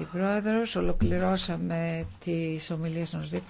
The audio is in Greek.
Η Πρόεδρος, ολοκληρώσαμε τις ομιλίες των